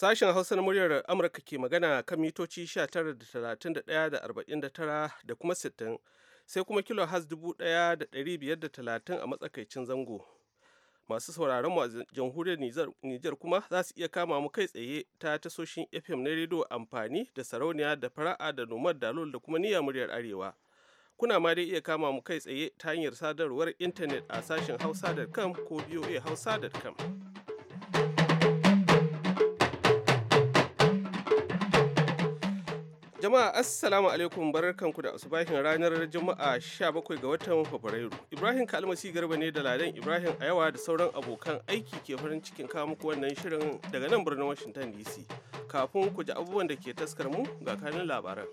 Sashen Hausa na muryar Amurka ke magana kan mitoci 19.31.49 da kuma 60 sai kuma kilo has 1,530 a matsakaicin zango. Masu sauraron mu a jamhuriyar Nijar kuma za su iya kama mu kai tsaye ta tasoshin FM na rediyo amfani da sarauniya da fara'a da nomad dalol da kuma niyya muryar arewa. Kuna ma dai iya kama mu kai tsaye ta hanyar sadarwar intanet a sashen hausa.com ko voa hausa.com. Jama'a Assalamu alaikum barkanku da asubahin ranar Juma'a 17 ga watan Fabrairu. Ibrahim Kalmasi Garba ne da Ladan Ibrahim Ayawa da sauran abokan aiki ke farin cikin kawo muku wannan shirin daga nan birnin Washington DC. Kafin ku ji abubuwan da ke taskar mu ga kanin labaran.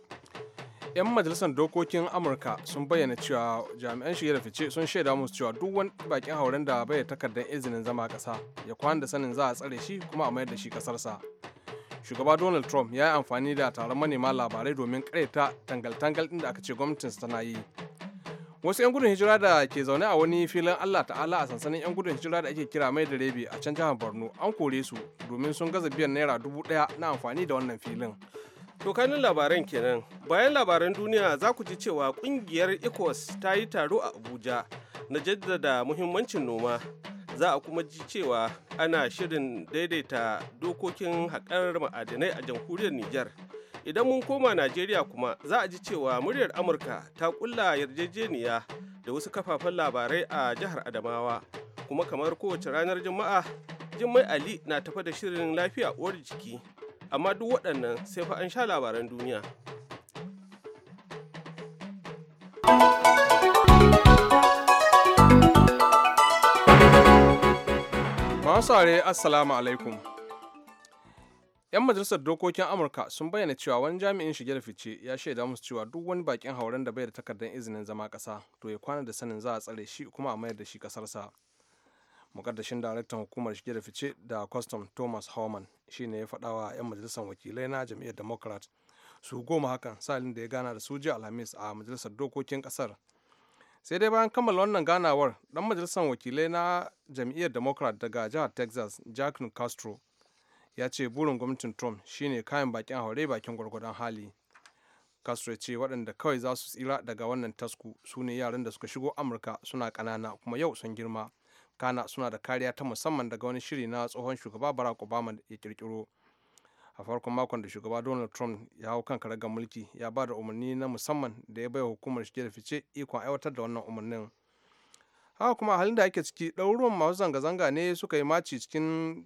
'Yan majalisar dokokin Amurka sun bayyana cewa jami'an shige da fice sun shaida musu cewa duk wani bakin hauren da bai takardar izinin zama kasa ya kwana da sanin za a tsare shi kuma a mayar da shi kasarsa. shugaba donald trump ya yi amfani da taron manema labarai domin karyata tangal-tangal ɗin aka ce gwamnatinsa tana yi wasu 'yan gudun hijira da ke zaune a wani filin allah ta'ala a sansanin 'yan gudun hijira da ake kira mai da rebe a can jihar borno an kore su domin sun gaza biyan naira dubu daya na amfani da wannan filin To kanin labaran kenan. Bayan labaran duniya za ku ji cewa kungiyar ecos ta yi taro a Abuja na jaddada muhimmancin noma. za a kuma ji cewa ana shirin daidaita dokokin haƙar ma'adinai a jamhuriyar Nijar. Idan mun koma Najeriya kuma za a ji cewa muryar Amurka ta ƙulla yarjejeniya da wasu kafafen labarai a jihar Adamawa. Kuma kamar kowace ranar Juma'a, Jummai Ali na tafa da shirin lafiya uwar jiki. Amma duk waɗannan sai fa an sha labaran duniya. Masu are Assalamu alaikum. 'Yan majalisar dokokin Amurka sun bayyana cewa wani jami'in shige da fice ya shaida musu cewa duk wani bakin hauren da bai da takardar izinin zama ƙasa to ya kwana da sanin za a tsare shi kuma a mayar da shi kasarsa Mukaddashin daraktan hukumar shige da fice da kwastam Thomas Homan shi ne ya faɗawa 'yan majalisar wakilai na jam'iyyar Democrat su goma hakan salin da ya gana da su jiya Alhamis a majalisar dokokin ƙasar. sai dai bayan kammala wannan ganawar dan majalisar wakilai na jam'iyyar democrat daga jihar texas jack castro ya ce burin gwamnatin trump shine kayan bakin haure bakin gwargwadon hali castro ya ce waɗanda kawai za su tsira daga wannan tasku su ne yaran da suka shigo amurka suna ƙanana kuma yau sun girma kana suna da kariya ta musamman daga wani shiri na tsohon shugaba barack obama ya ƙirƙiro a farkon makon da shugaba donald trump ya hau kan karagar mulki ya ba da umarni na musamman da ya baiwa hukumar shige da fice ikon aiwatar da wannan umarnin haka kuma a halin da ake ciki ɗaruruwan masu zanga-zanga ne suka yi maci cikin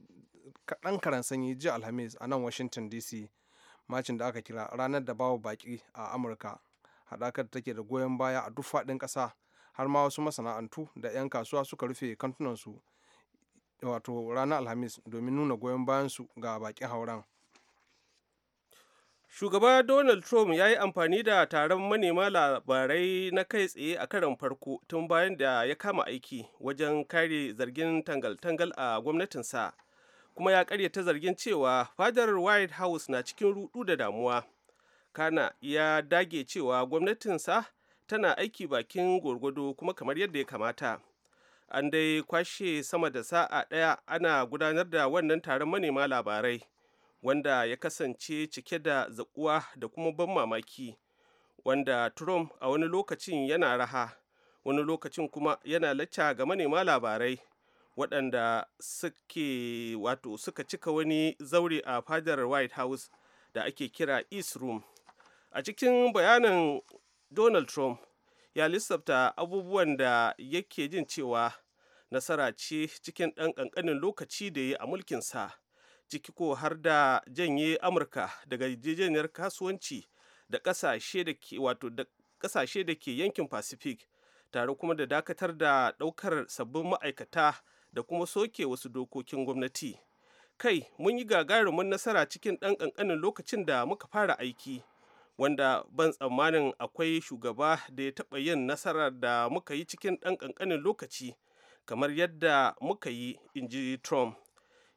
kaɗan karan sanyi jiya alhamis a nan washington dc macin da aka kira ranar da babu baƙi a amurka haɗakar da take da goyon baya a duk faɗin ƙasa har ma wasu masana'antu da 'yan kasuwa suka rufe kantunansu wato ranar alhamis domin nuna goyon bayan su ga bakin hauren Shugaba Donald Trump ya yi amfani da taron manema labarai na kai tsaye a karon farko tun bayan da ya kama aiki wajen kare zargin tangal-tangal a gwamnatinsa, kuma ya ta zargin cewa fadar White House na cikin rudu da damuwa. Kana ya dage cewa gwamnatinsa tana aiki bakin gwargwado kuma kamar yadda ya kamata. An dai kwashe sama da sa'a ɗaya ana gudanar da wannan taron manema labarai. wanda ya kasance cike da zaƙuwa da kuma ban mamaki wanda trump a wani lokacin yana raha wani lokacin kuma yana lacca ga manema labarai waɗanda suke wato suka cika wani zaure a fadar white house da ake kira east room a cikin bayanin donald trump ya lissafta abubuwan da yake jin cewa nasara ce cikin ɗan ƙanƙanin lokaci da ya a mulkinsa ciki ko har da janye amurka daga yarjejeniyar kasuwanci da kasashe da ke wato da da ke yankin pacific tare kuma da dakatar da ɗaukar sabbin ma'aikata da kuma soke wasu dokokin gwamnati kai mun yi gagarumin nasara cikin ɗan ƙanƙanin lokacin da muka fara aiki wanda ban tsammanin akwai shugaba da ya taɓa yin nasarar da muka yi cikin ɗan ƙanƙanin lokaci kamar yadda muka yi in ji trump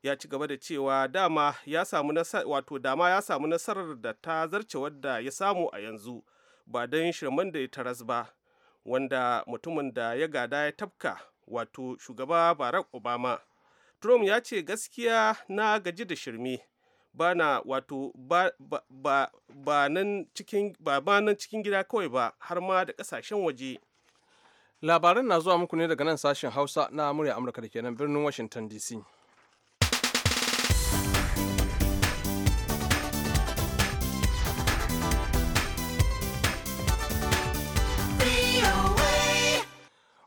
ya ci gaba da cewa dama ya samu wato dama ya samu nasarar da ta zarce wadda ya samu a yanzu ba don shirman da ya taras ba wanda mutumin da ya gada ya tafka wato shugaba barack obama trump ya ce gaskiya na gaji da shirme ba na wato ba, cikin ba, ba nan cikin gida kawai ba har ma da kasashen waje labaran na zuwa muku ne daga nan sashen hausa na murya amurka da kenan birnin washington dc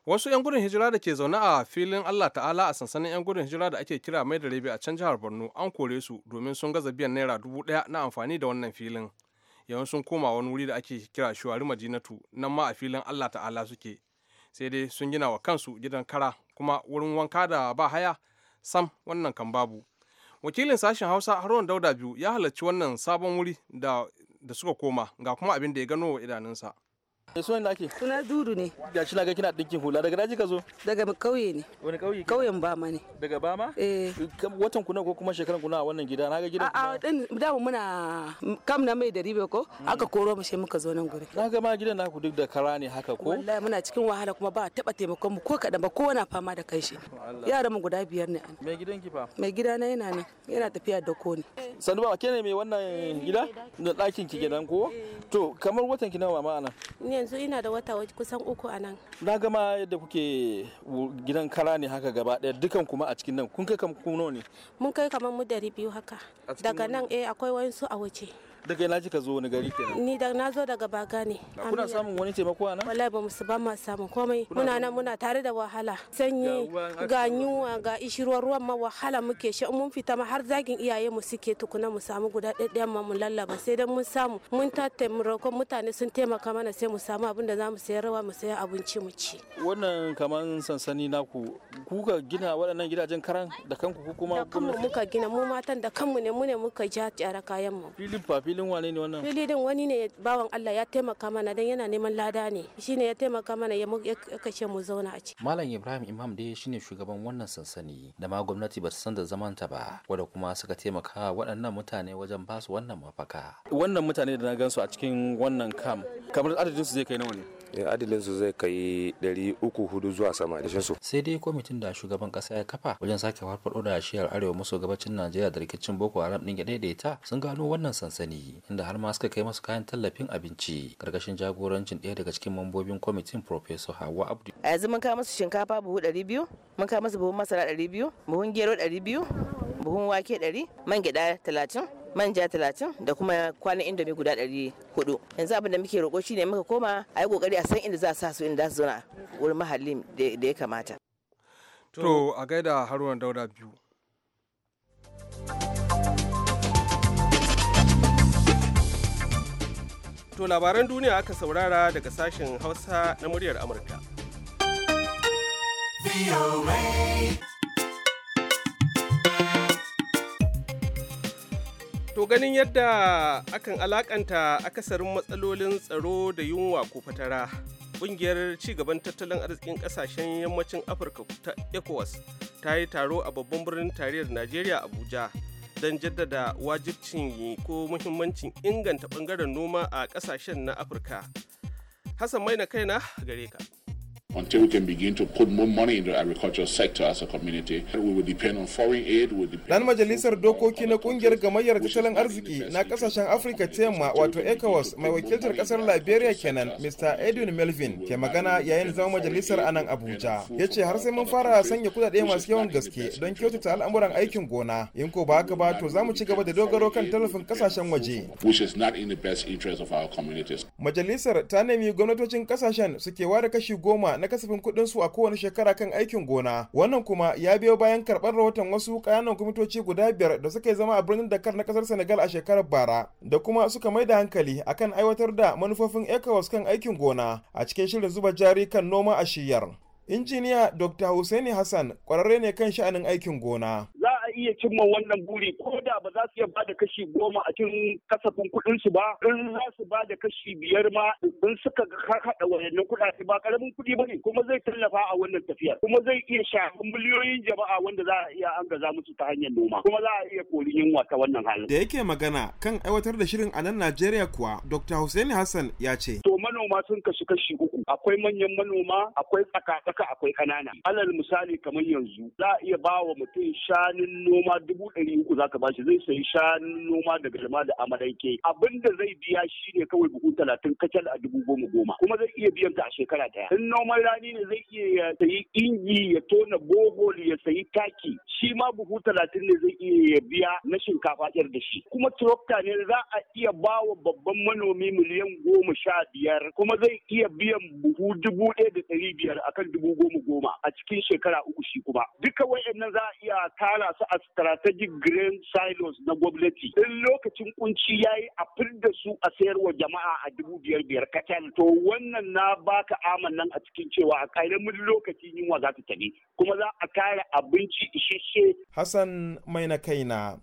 wasu 'yan gudun hijira da ke zaune a filin allah ta'ala a sansanin 'yan gudun hijira da ake kira mai da rabi a can jihar borno an kore su domin sun gaza biyan naira dubu daya na amfani da wannan filin yawan sun koma wani wuri da ake kira shuwari madinatu nan ma a filin allah ta'ala suke sai dai sun gina wa kansu gidan kara kuma wurin wanka da ba haya sam wannan kan babu wakilin sashen hausa haruwan dauda biyu ya halarci wannan sabon wuri da, suka koma ga kuma abin da ya gano wa idanunsa Me sunan da ake? Suna Dudu ne. Ga shi ga kina dinkin hula daga daji ka zo? Daga kauye ne. Wani kauye? Kauyen Bama ne. Daga Bama? Eh. Watan kuna ko kuma shekaran kuna a wannan gida na ga gidan kuma. A'a din da muna kam na mai da ribe ko hmm. aka koro mu sai muka zo nan gure. Na ga ma gidan naku duk da kara ne haka ko? Wallahi muna cikin wahala kuma ba taba taimakon mu ko kadan ba ko na fama da kai shi. Yaran mu guda biyar ne. Mai gidan ki fa? Mai gida na yana ne yana tafiya da ko ne. sanu ba ke ne mai wannan gida da ɗakin ki gidan ko? Eh. To kamar watan ki nawa mama anan? yanzu ina da wata kusan uku a nan. Na gama yadda kuke gidan kara ne haka gaba ɗaya dukan kuma a cikin nan kun kai kamar kuno ne? Mun kai kamar mu dari biyu haka. Daga nan eh akwai wayansu a waje. daga ji kika zo wani gari kenan ni da na zo daga baga ne kuna samun wani taimako a nan wallahi ba mu ba ma samun komai muna nan muna tare da wahala sanyi ga yunwa ga ishiruwar ruwan ma wahala muke shi mun fita ma har zagin iyaye mu suke tukuna mu samu guda ɗaɗɗayan ma mu lallaba sai dan mun samu mun ta taimakon mutane sun taimaka mana sai mu samu abin da za mu sayar rawa mu saya abinci mu ci wannan kaman sansani naku kuka gina waɗannan gidajen karan da kanku ku kuma muka gina mu matan da kanmu ne mu ne muka ja kayan mu filin filin wane ne wannan filin wani ne bawan Allah ya taimaka mana dan yana neman lada ne shine ya taimaka mana ya kashe mu zauna a ciki malam Ibrahim Imam dai shine shugaban wannan sansani da ma gwamnati ba san da zaman ta ba wanda kuma suka taimaka waɗannan mutane wajen ba su wannan mafaka wannan mutane da na gan su a cikin wannan kam kamar adadin su zai kai nawa ne Eh, adilin su zai kai ɗari zuwa sama da su. sai dai kwamitin da shugaban kasa ya kafa wajen sake farfaɗo da shiyar arewa maso gabacin najeriya da rikicin boko haram din ya daidaita sun gano wannan sansani inda har ma suka kai masu kayan tallafin abinci karkashin jagorancin ɗaya daga cikin mambobin kwamitin professor hawa abdu. a yanzu mun kawo musu shinkafa buhu ɗari biyu mun kawo musu buhun masara ɗari biyu buhun gero ɗari biyu buhun wake ɗari man gyaɗa talatin manja talatin da kuma kwanan indomi guda ɗari hudu yanzu abin da muke roƙo shine muka koma a yi ƙoƙari a san inda za a sa su inda za su zauna wurin mahallin da ya kamata. to a gaida haruna dauda biyu To labaran duniya aka saurara daga sashen Hausa na muryar Amurka. To ganin yadda akan alakanta akasarin matsalolin tsaro da yunwa ko fatara, ƙungiyar ci gaban tattalin arzikin ƙasashen yammacin Afirka ta ECOWAS ta yi taro a babban birnin tarayyar Najeriya Abuja don jaddada wajibcin ko muhimmancin inganta bangaren noma a ƙasashen na Afirka. Hassan na kaina gare ka. until we can begin to put more money into the agricultural sector as a community. We will depend on foreign aid. We will depend Dan majalisar dokoki na kungiyar gamayyar tattalin arziki na kasashen Afirka ta yamma wato ECOWAS mai wakiltar kasar Liberia kenan Mr. Edwin Melvin ke magana yayin zama majalisar a nan Abuja. Ya ce har sai mun fara sanya kudade masu yawan gaske don kyautata al'amuran aikin gona. In ko ba haka ba to za mu ci gaba da dogaro kan tallafin kasashen waje. Which is not in the best interest of our communities. Majalisar ta nemi gwamnatocin kasashen suke ware kashi goma na na kasafin kuɗin su a kowane shekara kan aikin gona wannan kuma ya biyo bayan karɓar rahoton wasu ƙananan kwamitoci guda biyar da suka zama a birnin dakar na ƙasar senegal a shekarar bara da kuma suka mai da hankali akan aiwatar da manufofin ecowas kan aikin gona a cikin shirin zuba jari kan noma a shiyar injiniya dr hussaini hassan kwararre ne kan sha'anin aikin gona za iya cimma wannan buri ko da ba za su iya bada kashi goma a cikin kasafin kuɗin su ba in za su bada kashi biyar ma in suka haɗa wayannan kuɗaɗe ba karamin kuɗi ba ne kuma zai tallafa a wannan tafiyar kuma zai iya shafin miliyoyin jama'a wanda za a iya angaza musu ta hanyar noma kuma za a iya kori yunwa ta wannan halin. Da yake magana kan aiwatar da shirin a nan Najeriya kuwa Dr. Hussein Hassan ya ce. To manoma sun kashi kashi uku akwai manyan manoma akwai tsaka-tsaka akwai ƙanana. Alal misali kamar yanzu za a iya ba mutum shanun noma dubu ɗari uku za ka bashi zai sayi shanun noma da galma da amalanke abin da zai biya shi ne kawai buhu talatin kacal a dubu goma goma kuma zai iya biyan ta a shekara ɗaya in noman rani ne zai iya sayi inji ya tona bohol ya sayi taki shi ma buhu talatin ne zai iya biya na shinkafa yar da shi kuma turokta ne za a iya ba wa babban manomi miliyan goma sha biyar kuma zai iya biyan buhu dubu ɗaya da ɗari biyar akan dubu goma goma a cikin shekara uku shi kuma duka wayannan za a iya tara su a a strategic grain silos na gwamnati in lokacin kunci ya yi a fidda su a sayarwa jama'a a dubu biyar biyar kacal to wannan na baka amannan a cikin cewa a ƙaramin lokaci yunwa za ta tafi kuma za a kare abinci isasshe. Hassan mai na kaina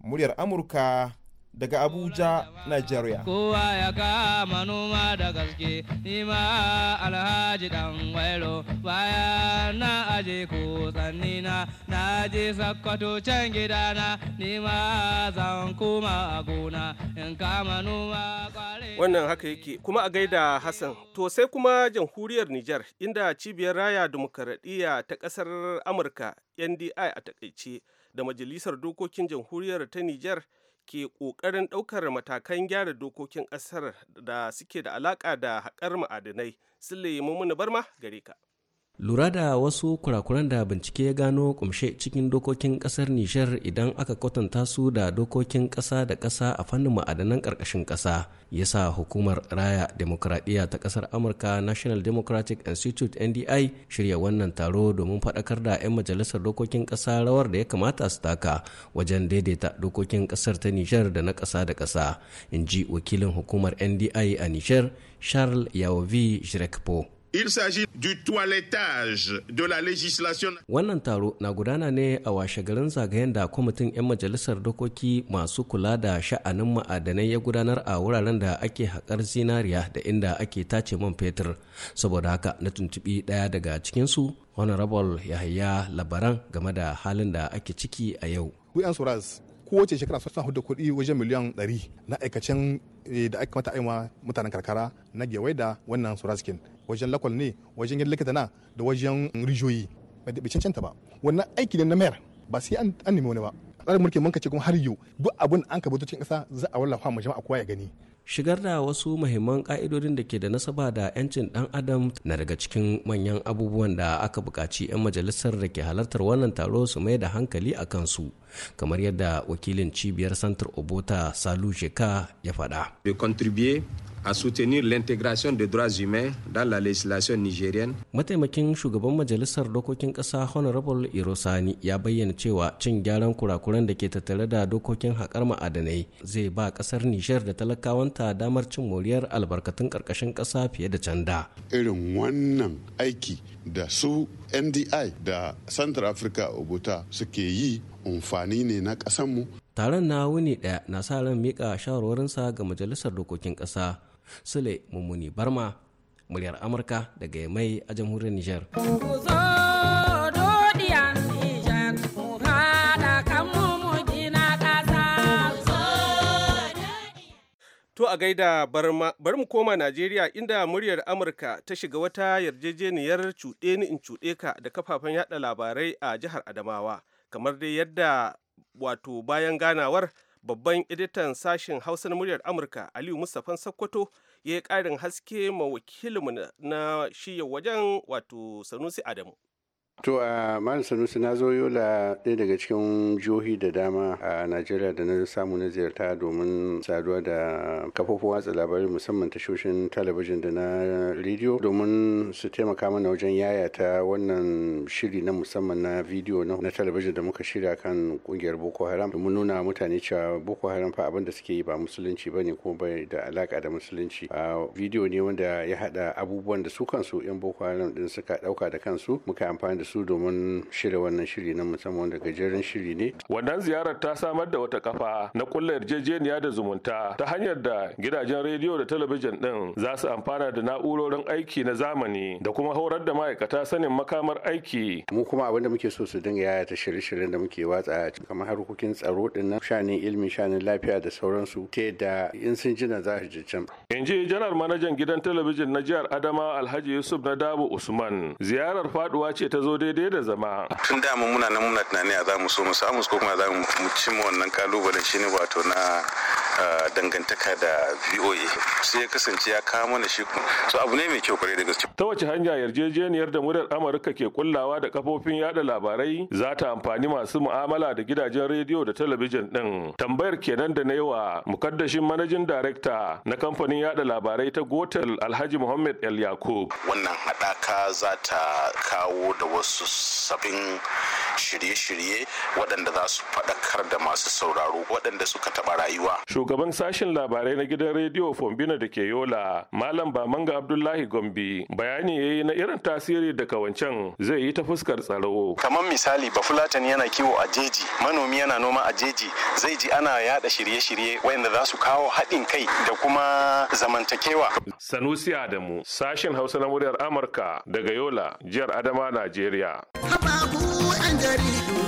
muryar Amurka daga Abuja, Nigeria. Kowa ya kama noma da gaske, nima alhaji dan wailo baya na aje ko tsannina, na je sakkwato can gidana, nima zan kuma a gona, in kama noma kwale. Wannan haka yake, kuma a gaida Hassan, to sai kuma jamhuriyar Nijar, inda cibiyar raya dimokuraɗiyya ta ƙasar Amurka, NDI a takaice, da Majalisar Dokokin Jamhuriyar ta Nijar ke ƙoƙarin ɗaukar matakan gyara dokokin ƙasar da suke da alaƙa da haƙar ma'adinai. Sule Mummuni Barma gare ka. lura da wasu kurakuran da bincike ya gano kumshe cikin dokokin kasar nishar idan aka kwatanta su da dokokin kasa da kasa a fannin ma'adanan karkashin kasa sa hukumar raya demokradiyya ta kasar amurka national democratic institute ndi shirya wannan taro domin faɗakar da 'yan majalisar dokokin kasa rawar da ya kamata su taka wajen daidaita dokokin kasar ta nishar da na kasa da kasa in ji wakilin hukumar ndi a nishar charles yaovi shrekpo Il s'agit du toilettage de la législation. Wannan taro na gudana ne a washe garin zagayen da kwamitin 'yan majalisar dokoki masu kula da sha'anin ma'adanai ya gudanar a wuraren da ake haƙar zinariya da inda ake tace man fetur. Saboda haka na tuntubi ɗaya daga cikinsu, Honorable Yahaya Labaran game da halin da ake ciki a yau. We kowace shekara suna hudu kuɗi wajen miliyan 100 na aikacin eh, da aka mata aiwa mutanen karkara na gewai da wannan suraskin. wajen lakwal ne wajen yin likita na da wajen rijiyoyi bai cancanta ba wannan aiki ne na mayar ba sai an nemi wani ba tsarin mulkin mun kace kuma har yau duk abin an ka bututun kasa za a wallafa mu jama'a kowa ya gani shigar da wasu muhimman ka'idodin da ke da nasaba da 'yancin dan adam na daga cikin manyan abubuwan da aka bukaci 'yan majalisar da ke halartar wannan taro su mai da hankali a kansu kamar yadda wakilin cibiyar santar obota salu sheka ya faɗa. à soutenir l'intégration des droits humains dans la législation nigérienne. Mataimakin shugaban majalisar dokokin ƙasa Honorable Irosani ya bayyana cewa cin gyaran kurakuran da ke tattare da dokokin haƙar ma'adanai zai ba ƙasar Nijar da talakawanta damar cin moriyar albarkatun ƙarƙashin ƙasa fiye da canda. Irin wannan aiki da su NDI da Central Africa Obuta suke yi amfani ne na ƙasanmu. Taron na wuni daya na sa ran miƙa shawarwarinsa ga Majalisar Dokokin Ƙasa Sule Mummuni Barma, muryar Amurka daga mai a jamhuriyar Nijar. To a gaida bari mu koma Najeriya inda muryar Amurka ta shiga wata yarjejeniyar cuɗe ni in cuɗe ka da kafafen yada labarai a jihar Adamawa kamar dai yadda wato bayan ganawar babban editan sashen hausa na muryar amurka aliyu mustapha sakkwato ya yi ƙarin haske ma wakilinmu na shiya wajen wato sanusi adamu To a Malam Sanusi na zo Yola ɗaya daga cikin jihohi da dama a Najeriya da na samu na ziyarta domin saduwa da kafofin watsa labarai musamman tashoshin talabijin da na rediyo domin su taimaka mana wajen yayata wannan shiri na musamman na bidiyo na talabijin da muka shirya kan kungiyar Boko Haram domin nuna mutane cewa Boko Haram fa abin da suke yi ba musulunci ba ne ko bai da alaka da musulunci. A bidiyo ne wanda ya haɗa abubuwan da su kansu 'yan Boko Haram din suka ɗauka da kansu muka amfani da da su domin shirya wannan shiri na musamman da gajeren shiri ne. Wannan ziyarar ta samar da wata kafa na kulla yarjejeniya da zumunta ta hanyar da gidajen rediyo da talabijin din za su amfana da na'urorin aiki na zamani da kuma horar da ma'aikata sanin makamar aiki. Mu kuma abinda muke so su dinga yaya ta shirye-shiryen da muke watsa kamar harkokin tsaro din nan shanin ilimi shanin lafiya da sauransu ta da in sun jina za su ji In ji janar manajan gidan talabijin na jihar Adamawa Alhaji Yusuf na Dabu Usman ziyarar faduwa ce ta zo daidai da zama. Tun da mun muna nan muna tunani a za mu so mu samu ko kuma za mu cimma wannan kalubalen ne wato na dangantaka da voa sai ya kasance ya kawo mana shi so abu ne mai kyau kwarai da gaske ta wace hanya yarjejeniyar da muryar amurka ke kullawa da kafofin yada labarai za ta amfani masu mu'amala da gidajen rediyo da talabijin din tambayar kenan da na wa mukaddashin manajin darekta na kamfanin yada labarai ta gotel alhaji muhammad el yakub wannan haɗaka za ta kawo da wasu sabbin shirye-shirye waɗanda za su faɗakar da masu sauraro waɗanda suka taɓa rayuwa. Shugaban sashen labarai na gidan rediyo Fombina da ke Yola, Malam Bamanga Abdullahi Gombe, bayani ya yi na irin tasiri da wancan zai yi ta fuskar tsaro. Kamar misali, Bafulatani yana kiwo a jeji, manomi yana noma a jeji, zai ji ana yaɗa shirye-shirye waɗanda za su kawo haɗin kai da kuma zamantakewa. Sanusi Adamu, sashen Hausa na muryar Amurka daga Yola, jihar Adama, Najeriya. jaridu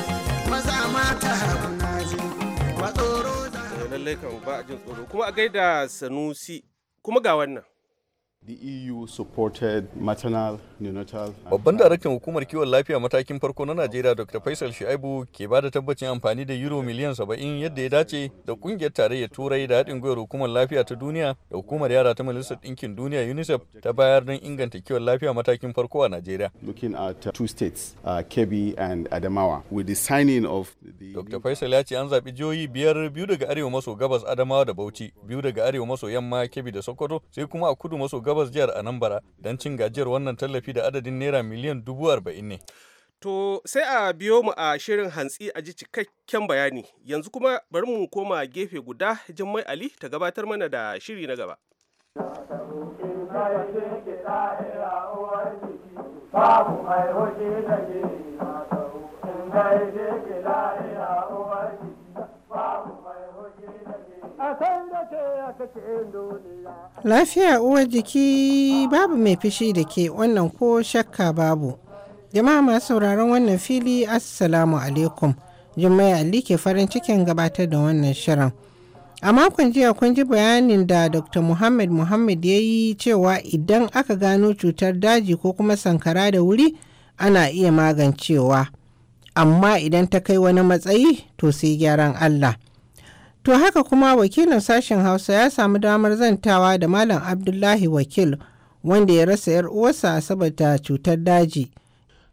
maza mata kuna ba tsoro da lallai kan ba jin tsoro kuma a gaida sanusi kuma ga wannan The EU Babban daraktan hukumar kiwon lafiya matakin farko na Najeriya Dr. Faisal Shaibu ke ba da tabbacin amfani da euro miliyan 70 yadda ya dace da kungiyar tarayyar Turai da haɗin gwiwar hukumar lafiya ta duniya da hukumar yara ta Majalisar Ɗinkin Duniya UNICEF ta bayar don inganta kiwon lafiya matakin farko a Najeriya. Looking at uh, two uh, and Adamawa, with the of the Dr. Faisal ya ce an zaɓi jihohi biyar biyu daga arewa maso gabas Adamawa da Bauchi, biyu daga arewa maso yamma Kebbi da Sokoto, sai kuma a kudu maso gabas gabas jihar Anambra don cin gajiyar wannan tallafi da adadin naira miliyan dubu arba'in ne. To sai a biyo mu a shirin hantsi a ji cikakken bayani. Yanzu kuma bari mu koma gefe guda Jummai Ali ta gabatar mana da shiri na gaba. Babu Lafiya uwar jiki babu mai fishi da ke wannan ko shakka babu. Jama'a masu sauraron wannan fili Assalamu alaikum. Jummai Ali ke farin cikin gabatar da wannan shirin. A makon jiya kun ji bayanin da Dr. Muhammad Muhammad ya yi cewa idan aka gano cutar daji ko kuma sankara da wuri ana iya magancewa. Amma idan ta kai wani matsayi to sai gyaran Allah. To haka kuma wakilin sashen Hausa ya samu damar zantawa da Malam Abdullahi Wakil wanda ya rasa 'yar uwarsa saboda cutar daji.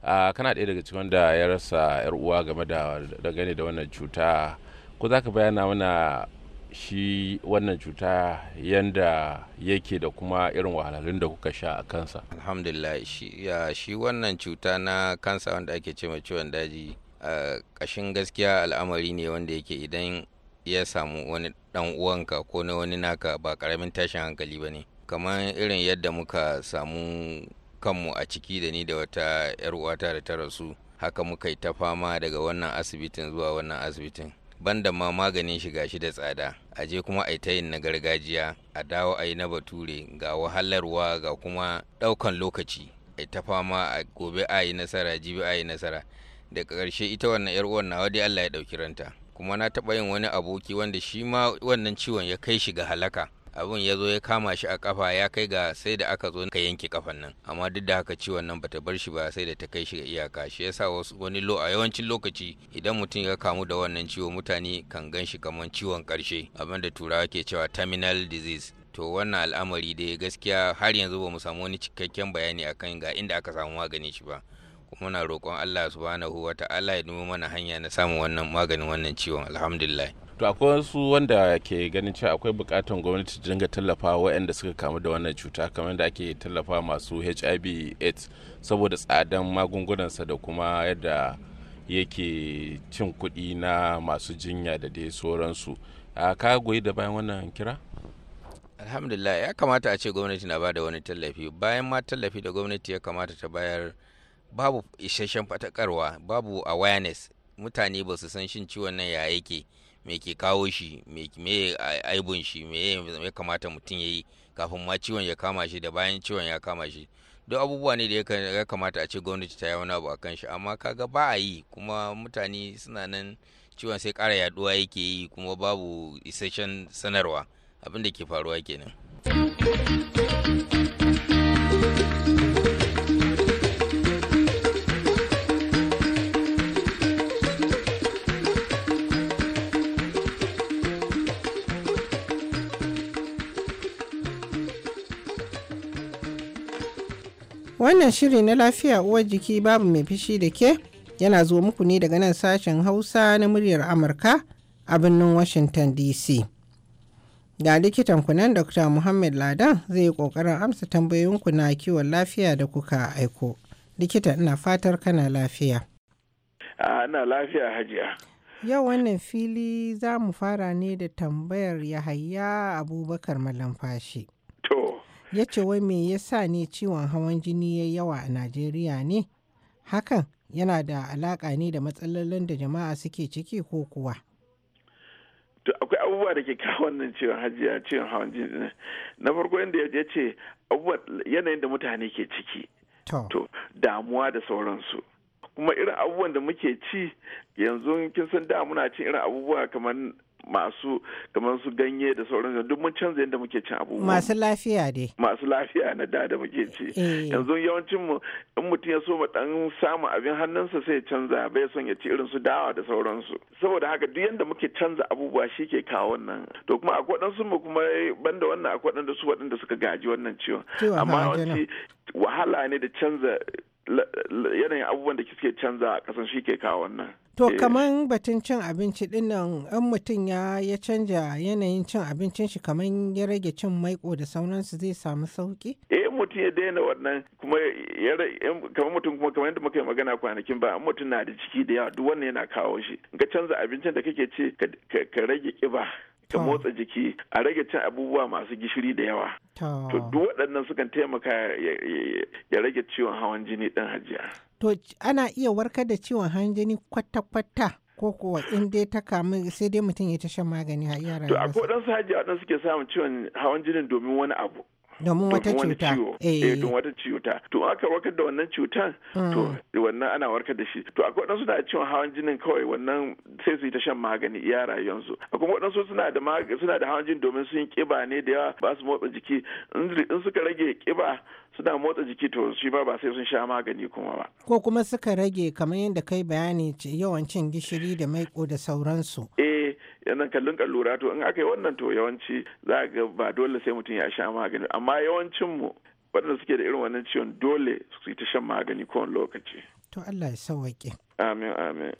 kana ɗaya daga cikin wanda ya rasa 'yar uwa game da dangane da wannan cuta ko za ka bayana mana shi wannan cuta yanda yake da kuma irin wahalhalun da kuka sha a kansa alhamdulillah shi, ya, wannan cuta na kansa wanda ake ce ciwon daji a uh, gaskiya al'amari ne wanda yake idan ya samu wani dan uwanka ko na wani naka ba karamin tashin hankali ba ne kamar irin yadda muka samu kanmu a ciki da ni da wata 'yar uwata da ta rasu haka muka yi ta fama daga wannan asibitin zuwa wannan asibitin Ban da ma maganin shiga shi da tsada a je kuma a ta yin na gargajiya a dawo a yi na bature ga wahalarwa ga kuma ɗaukan lokaci a ta fama a gobe a yi nasara jibi a yi nasara daga ƙarshe ita wannan 'yar uwan na wadi allah ya ɗauki ranta kuma na taɓa yin wani aboki wanda shi ma wannan ciwon ya kai shi ga halaka abin ya zo ya kama shi a kafa ya kai ga sai da aka zo ka yanke kafan nan amma duk da haka ciwon nan bata bar shi ba sai da ta kai shi ga iyaka shi yasa wasu wani lo a yawancin lokaci idan mutum ya kamu da wannan ciwo mutane kan gan shi kamar ciwon karshe abin da turawa ke cewa terminal disease to wannan al'amari dai gaskiya har yanzu ba mu samu wani cikakken bayani akan ga inda aka samu magani shi ba kuma muna roƙon Allah subhanahu wa ta'ala ya nemo mana hanya na samun wannan maganin wannan ciwon alhamdulillah to akwai wasu wanda ke ganin cewa akwai bukatan gwamnati ta dinga tallafa waɗanda suka kamu da wannan cuta kamar yadda ake tallafa masu hiv aids saboda tsadan magungunansa da kuma yadda yake cin kuɗi na masu jinya da dai sauransu a ka goyi da bayan wannan kira alhamdulillah ya kamata a ce gwamnati na bada wani tallafi bayan ma tallafi da gwamnati ya kamata ta bayar babu isasshen fatakarwa babu awareness mutane ba su san shin ciwon nan ya yake me ke kawo shi me aibun shi me ya kamata mutum ya yi kafin ma ciwon ya kama shi da bayan ciwon ya kama shi duk abubuwa ne da ya kamata a ce gwamnati ta yi wani abu a kan shi amma kaga ba a yi kuma mutane suna nan ciwon sai kara yaduwa yake yi kuma babu isasshen sanarwa abin da ke faruwa kenan. Wannan shiri na lafiya uwar jiki babu mai fishi da ke yana zo muku ne daga nan sashen Hausa na muryar Amurka a birnin Washington DC. Ga likitan kunan Dr. Muhammad Ladan zai yi ƙoƙarin amsa tambayoyin ku na kiwon lafiya da kuka aiko. Likita ina fatar kana lafiya. Ana lafiya hajiya. Yau wannan fili za mu fara ne da tambayar Yahaya Abubakar Malamfashi. ya ce wai me yasa ne ciwon hawan jini ya yawa a najeriya ne hakan yana da alaka ne da matsalolin da jama'a suke ciki ko kuwa to akwai abubuwa da ke kawo wannan ciwon hajiya ciwon hawan jini na farko yadda ya ce abubuwa yanayin da mutane ke ciki to damuwa da sauransu kuma irin abubuwan da muke ci yanzu kin san da muna cin irin abubuwa kamar masu kamar su ganye da sauran duk mun canza yadda muke cin abubuwa masu lafiya dai masu lafiya na da da muke ci eh. yanzu yawancin mu in mutum ya so mu dan samu abin hannunsa sai ya canza bai son ya ci irin su dawa da sauransu saboda haka duk yadda muke canza abubuwa shi ke kawo wannan to kuma akwai waɗansu mu kuma banda wannan akwai waɗanda su waɗanda suka gaji wannan ciwon amma wani wahala ne da canza yanayin abubuwan da suke canza a kasan shi ke kawo wannan To eh. kaman batun cin abinci dinnan in mutum ya ya canja yanayin cin abincin shi kaman ya rage cin maiko da sauransu zai samu sauki? Eh mutum ya daina wannan kuma ya kamar mutum kuma kamar yadda muka yi magana kwanakin ba mutum na da ciki da yawa duk wannan yana kawo shi. Ga canza abincin da kake ci ka rage kiba. ka motsa jiki a rage cin abubuwa masu gishiri da yawa to duk waɗannan sukan taimaka ya rage ciwon hawan jini ɗin hajiya to ana iya warkar da ciwon hanjini kwata-kwata ko kuwa in dai ta kamu sai dai mutum ya ta shan magani a yara to akwai wadansu a wadansu suke samun ciwon hawan jinin domin wani abu domin wata cuta eh don eh. wata cuta to aka warkar da wannan cutan hmm. to wannan ana warkar da shi to akwai wadansu da ciwon hawan jinin kawai wannan sai su yi ta shan magani iya rayuwarsu akwai wadansu suna da suna da hawan jini domin sun yi kiba ne da yawa ba su motsa jiki in suka rage kiba suna motsa jiki to shi ba ba sai sun sha magani kuma ba. Ko kuma suka rage kamar yadda kai bayani yawan cin gishiri da maiƙo da sauransu. Eh yanzu kallon kan lura to in aka yi wannan to yawanci za ga ba dole sai mutum ya sha magani amma yawancin mu waɗanda suke da irin wannan ciwon dole su yi ta shan magani kowane lokaci. To Allah ya sauwaƙe. Amin amin.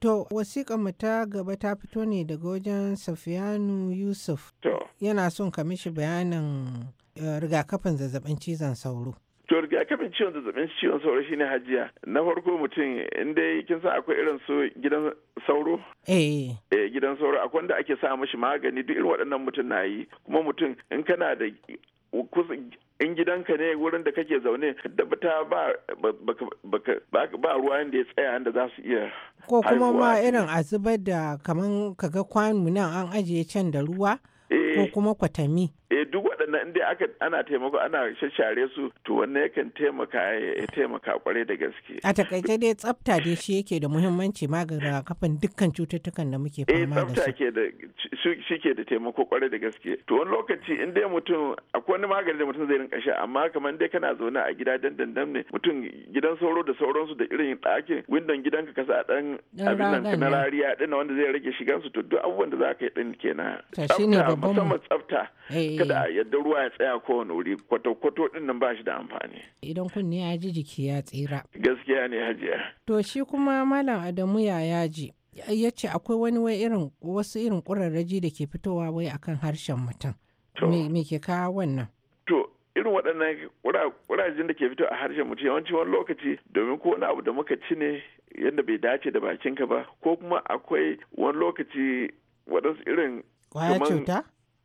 To wasiƙa mu ta gaba ta fito ne daga wajen Safiyanu Yusuf. To. Yana son ka mishi bayanin eh, rigakafin zazzabin cizon sauro. aka rigakafin ciwon zazzabin ciwon sauro shine hajiya. Na farko mutum inda kin san akwai irin su gidan sauro? Eh. eh. gidan sauro akwai wanda ake sa mashi magani duk irin waɗannan mutum na yi. Kuma mutum in kana da in gidanka ne wurin da kake zaune da ba ba ruwa da ya tsaya da za su iya ko kuma ma irin a zubar da kaman kaga kwanu nan an ajiye can da ruwa ko eh. kuma kwatami eh duk waɗannan inda aka ana taimako ana shashare su to wannan yakan taimaka ya taimaka kwarai da gaske a takaice dai tsafta dai shi yake da muhimmanci maganin kafin dukkan cututtukan da muke eh, fama da su eh tsafta ke da shi ke da taimako kwarai da gaske to wani lokaci in dai mutum akwai wani magani da mutum zai rinka sha amma kamar dai kana zaune a gida dandandan ne mutum gidan sauro da sauransu da irin ɗakin windon gidanka ka sa dan abin nan na rariya din wanda zai rage shigansu to duk abubuwan da za ka yi din kenan tsafta musamman tsafta eh, kada a eh. yadda ruwa ya tsaya kowane wuri kwato-kwato din nan ba shi da amfani idan kunne ya ji jiki ya tsira gaskiya ne hajiya to shi kuma malam adamu ya yaji ya ce akwai wani wai irin wasu irin ƙurarraji da ke fitowa wai akan harshen mutum me ke kawo wannan to irin waɗannan ƙurarrajin da ke fito a harshen mutum yawanci wani lokaci domin ko wani abu da muka ci ne yadda bai dace da bakinka ba ko kuma akwai wani lokaci waɗansu irin kwaya cuta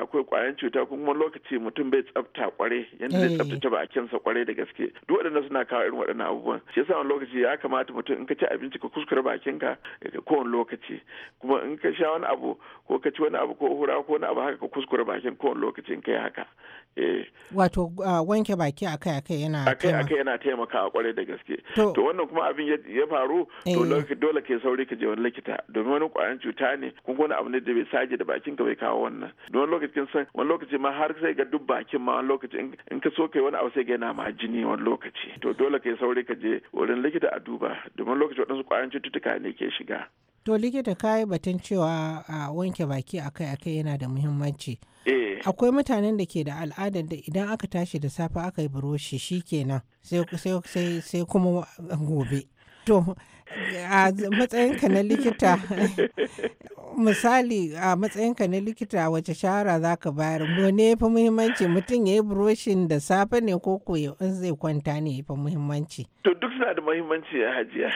akwai kwayan cuta kuma lokaci mutum bai tsafta kware yadda zai eh. tsaftace bakinsa kware da gaske duk waɗanda suna kawo irin waɗannan abubuwan shi yasa wani lokaci ya kamata mutum in ka ci abinci ka kuskure bakinka eh, kowane lokaci kuma in ka sha wani abu ko ka ci wani abu ko hura ko wani abu haka ka kuskure bakin kowane lokaci in ka yi haka Eh. Wato ah, wanke baki a akai yana A kai yana taimaka a kwarai da gaske. To wannan kuma abin ya faru eh. dole ke sauri ka je wani likita domin wani kwayan cuta ne kun wani abu ne da bai sage da bakin ka bai kawo wannan. Don wani lokacin san wani lokaci ma har sai ga duk bakin ma wani lokaci in ka so kai wani abu sai ga yana ma jini wani lokaci. To dole ke sauri ka je wurin likita a duba domin lokaci waɗansu kwayan cututtuka ne ke shiga. To likita ka yi batun cewa a ah, wanke baki akai-akai yana da muhimmanci. Eh. akwai mutanen da ke da al'adar da idan aka tashi da safe aka yi buroshi shi sai sai sai kuma gobe to a matsayinka na likita misali a matsayinka na likita wace shahara za ka bayar ne ya fi muhimmanci mutum ya yi buroshin da safe ne ko koyo in zai kwanta ne ya fi muhimmanci to duk suna da muhimmanci ya hajiya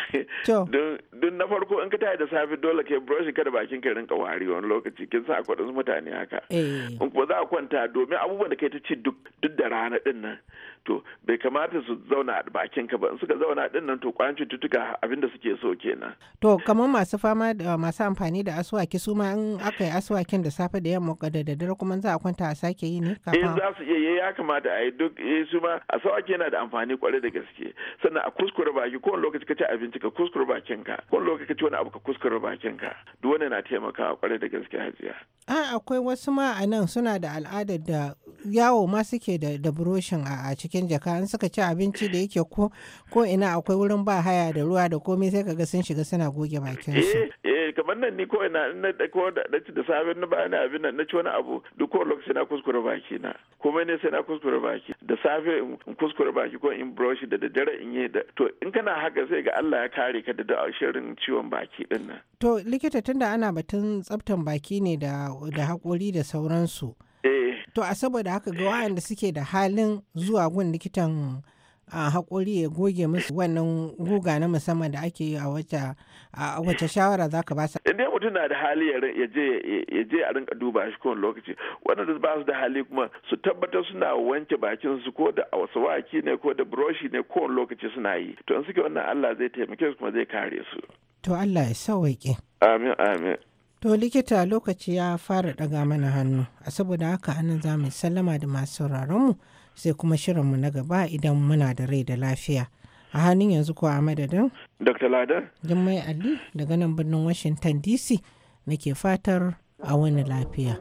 don na farko in ka tayi da safe dole ka yi buroshin kada bakin ka rinka wari wani lokaci kin sa akwai mutane haka eh. in kuma za a kwanta domin abubuwan da kai ta ci duk da rana din nan to bai kamata su zauna a bakin ka ba in suka zauna din nan to kwayan cututtuka abinda suke so kenan to kamar masu fama da masu amfani da asuwaki su ma in aka yi asuwakin da safe da yamma da daddare kuma za a kwanta a sake yi ne eh za su iya eh, ya kamata a yi duk eh su ma asuwaki yana da amfani kwarai da gaske sannan a kuskure baki kowane lokaci ka ci abinci ka kuskure bakin ka kowane lokaci ka ci wani abu ka kuskure bakin ka duk wannan na taimakawa kwarai da gaske hajiya a akwai wasu ma a nan suna da al'adar da yawo ma suke da buroshin a ciki cikin jaka in suka ci abinci da yake ko ko ina akwai wurin ba haya da ruwa da komai sai kaga sun shiga suna goge bakin su eh, eh kamar nan ni ko ina na da ko da ci da safe na ba ni abin nan na ci wani abu duk ko lokaci na kuskure baki na komai ne sai na kuskure baki da safe in kuskure baki ko in brush da daddare in yi da to in kana haka sai ga Allah ya kare ka da shirin ciwon baki din nan to likita tunda ana batun tsaftan baki ne da da hakuri da sauransu eh to a saboda haka ga waɗanda suke da halin zuwa gun likitan a haƙuri ya goge musu wannan guga na musamman da ake yi a wace shawara za ka ba Idan mutum na da hali ya je a rinka duba shi kowane lokaci waɗanda ba su da hali kuma su tabbatar suna wanke bakin su ko da wasawaki ne ko da buroshi ne kowane lokaci suna yi to in suke wannan Allah zai taimake su kuma zai kare su. To Allah ya sawaike. Amin amin. To likita lokaci ya fara ɗaga mana hannu, a saboda haka anan za mu sallama da masu sauraronmu sai kuma shirinmu na gaba idan muna da rai da lafiya. A hannun yanzu ko a madadin? Dr. Lada. Jummai Ali daga nan birnin Washington DC nake fatar a wani lafiya.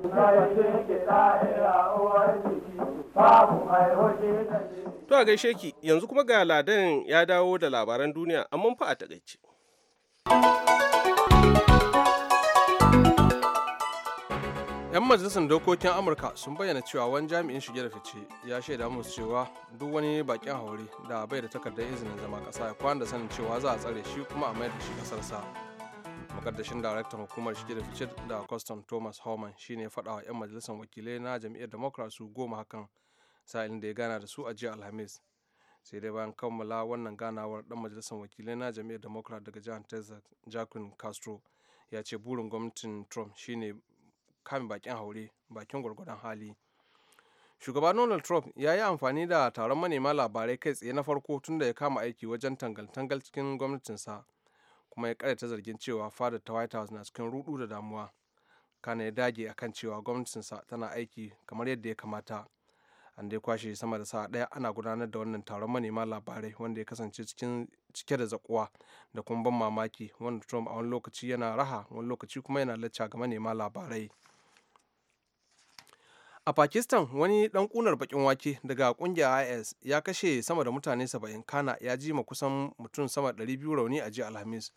To a gaishe ki yanzu kuma ga ladan ya dawo da labaran duniya amma fa a takaice. 'yan majalisar dokokin amurka sun bayyana cewa wani jami'in shige da fice ya shaida musu cewa duk wani bakin haure da bai da takardar izinin zama kasa ya kwana da sanin cewa za a tsare shi kuma a mayar da shi kasarsa makaddashin daraktan hukumar shige da fice da kwastam thomas homan shine faɗa wa 'yan majalisar wakilai na jam'iyyar democrat su goma hakan sa'ilin da ya gana da su a jiya alhamis sai dai bayan kammala wannan ganawar dan majalisar wakilai na jam'iyyar democrat daga jihar texas jacqueline castro ya ce burin gwamnatin trump shine kame bakin haure bakin gwargwadon hali shugaba donald trump ya yi amfani da taron manema labarai kai tsaye na farko tun da ya kama aiki wajen tangal-tangal cikin gwamnatinsa kuma ya karyata zargin cewa fada ta white house na cikin rudu da damuwa kana ya dage akan cewa gwamnatinsa tana aiki kamar yadda ya kamata an dai kwashe sama da sa'a daya ana gudanar da wannan taron manema labarai wanda ya kasance cikin cike da zakuwa da kuma ban mamaki wanda trump a wani lokaci yana raha wani lokaci kuma yana lacca ga manema labarai A Pakistan wani ɗan kunar bakin wake daga ƙungiyar IS ya kashe sama da mutane 70 kana ya ji ma kusan mutum sama da 200 rauni a jiya Alhamis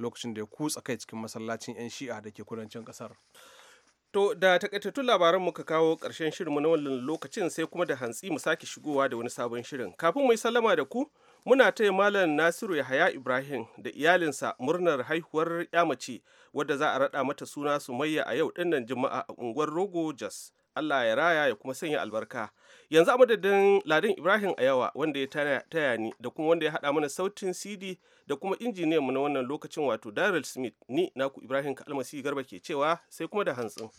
lokacin da ya kutsa kai cikin masallacin 'yan shi'a da ke kudancin ƙasar. To da takaitattun labaran muka kawo ƙarshen shirinmu na wannan lokacin sai kuma da hantsi mu sake shigowa da wani sabon shirin. Kafin mu yi sallama da ku, muna taya malam nasiru yahaya ibrahim da iyalinsa murnar haihuwar yamace wadda za a raɗa mata suna sumayya a yau dinnan juma'a a unguwar rogo jos Allah ya raya ya kuma sanya albarka. Yanzu a madadin Ladin Ibrahim Ayawa wanda ya taya ni da kuma wanda ya haɗa mana sautin CD da kuma injiniyanmu na wannan lokacin wato Daryl Smith ni naku Ibrahim Kalmasi Garba ke cewa sai kuma da hantsin.